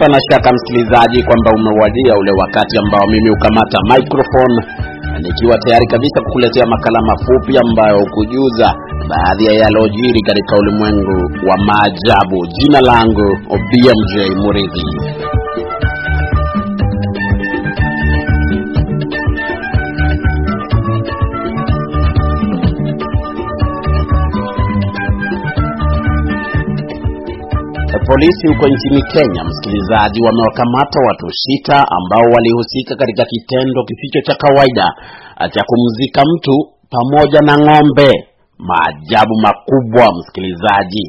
Hapana shaka msikilizaji, kwamba umewadia ule wakati ambao mimi hukamata microphone nikiwa tayari kabisa kukuletea makala mafupi ambayo hukujuza baadhi ya yalojiri katika ulimwengu wa maajabu. Jina langu BMJ Muridhi. Polisi huko nchini Kenya, msikilizaji, wamewakamata watu sita ambao walihusika katika kitendo kisicho cha kawaida cha kumzika mtu pamoja na ng'ombe. Maajabu makubwa, msikilizaji.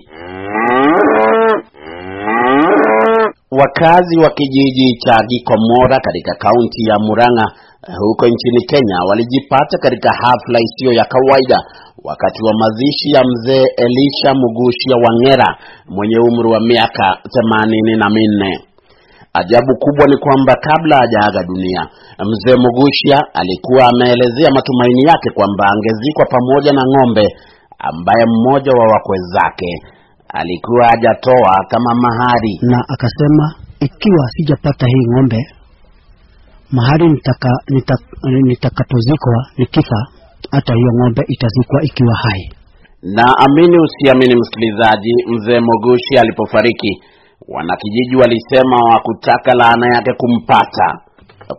Wakazi wa kijiji cha Gikomora katika kaunti ya Murang'a eh, huko nchini Kenya walijipata katika hafla isiyo ya kawaida wakati wa mazishi ya mzee Elisha Mugushia Wangera mwenye umri wa miaka themanini na minne. Ajabu kubwa ni kwamba kabla hajaaga dunia, mzee Mugushia alikuwa ameelezea matumaini yake kwamba angezikwa pamoja na ng'ombe ambaye mmoja wa wakwe zake alikuwa hajatoa kama mahari, na akasema ikiwa sijapata hii ng'ombe mahari nitakatozikwa nitaka nikifa hata hiyo ng'ombe itazikwa ikiwa hai. Na amini usiamini, msikilizaji, mzee Mogushi alipofariki, wanakijiji walisema wakutaka laana yake kumpata.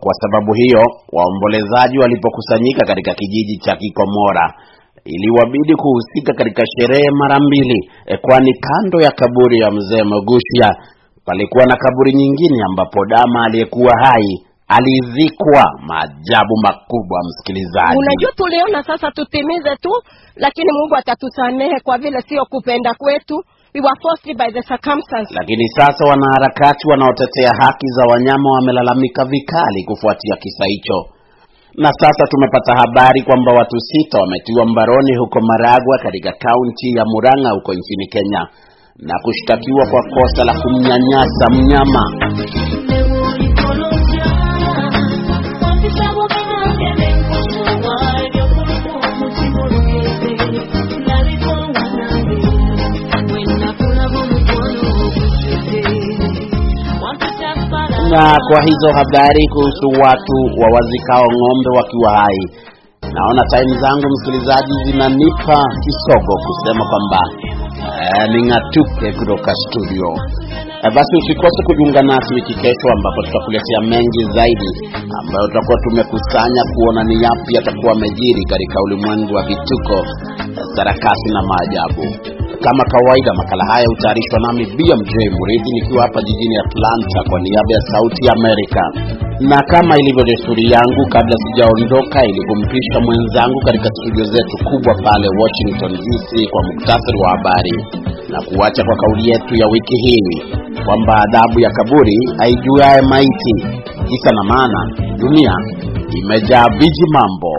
Kwa sababu hiyo, waombolezaji walipokusanyika katika kijiji cha Kikomora iliwabidi kuhusika katika sherehe mara mbili, e, kwani kando ya kaburi ya mzee Mogushia palikuwa na kaburi nyingine ambapo dama aliyekuwa hai alizikwa. Maajabu makubwa, msikilizaji. Unajua, tuliona sasa tutimize tu, lakini Mungu atatusamehe kwa vile sio kupenda kwetu. We were forced by the circumstances. Lakini sasa wanaharakati wanaotetea haki za wanyama wamelalamika vikali kufuatia kisa hicho, na sasa tumepata habari kwamba watu sita wametiwa mbaroni huko Maragwa katika kaunti ya Murang'a huko nchini Kenya na kushtakiwa kwa kosa la kumnyanyasa mnyama. na kwa hizo habari kuhusu watu wawazikao ng'ombe wakiwa hai. Naona time zangu msikilizaji, zinanipa kisogo kusema kwamba eh, ning'atuke kutoka studio. Eh, basi usikose kujiunga nasi wiki kesho, ambapo tutakuletea mengi zaidi ambayo tutakuwa tumekusanya kuona ni yapi yatakuwa amejiri katika ulimwengu wa vituko, sarakasi na maajabu. Kama kawaida, makala haya hutayarishwa nami BMJ Muridhi nikiwa hapa jijini Atlanta kwa niaba ya Sauti Amerika, na kama ilivyo desturi yangu, kabla sijaondoka, ilikumpisha mwenzangu katika studio zetu kubwa pale Washington DC kwa muktasari wa habari na kuacha kwa kauli yetu ya wiki hii kwamba adhabu ya kaburi haijuaye maiti. Kisa na maana, dunia imejaa viji mambo.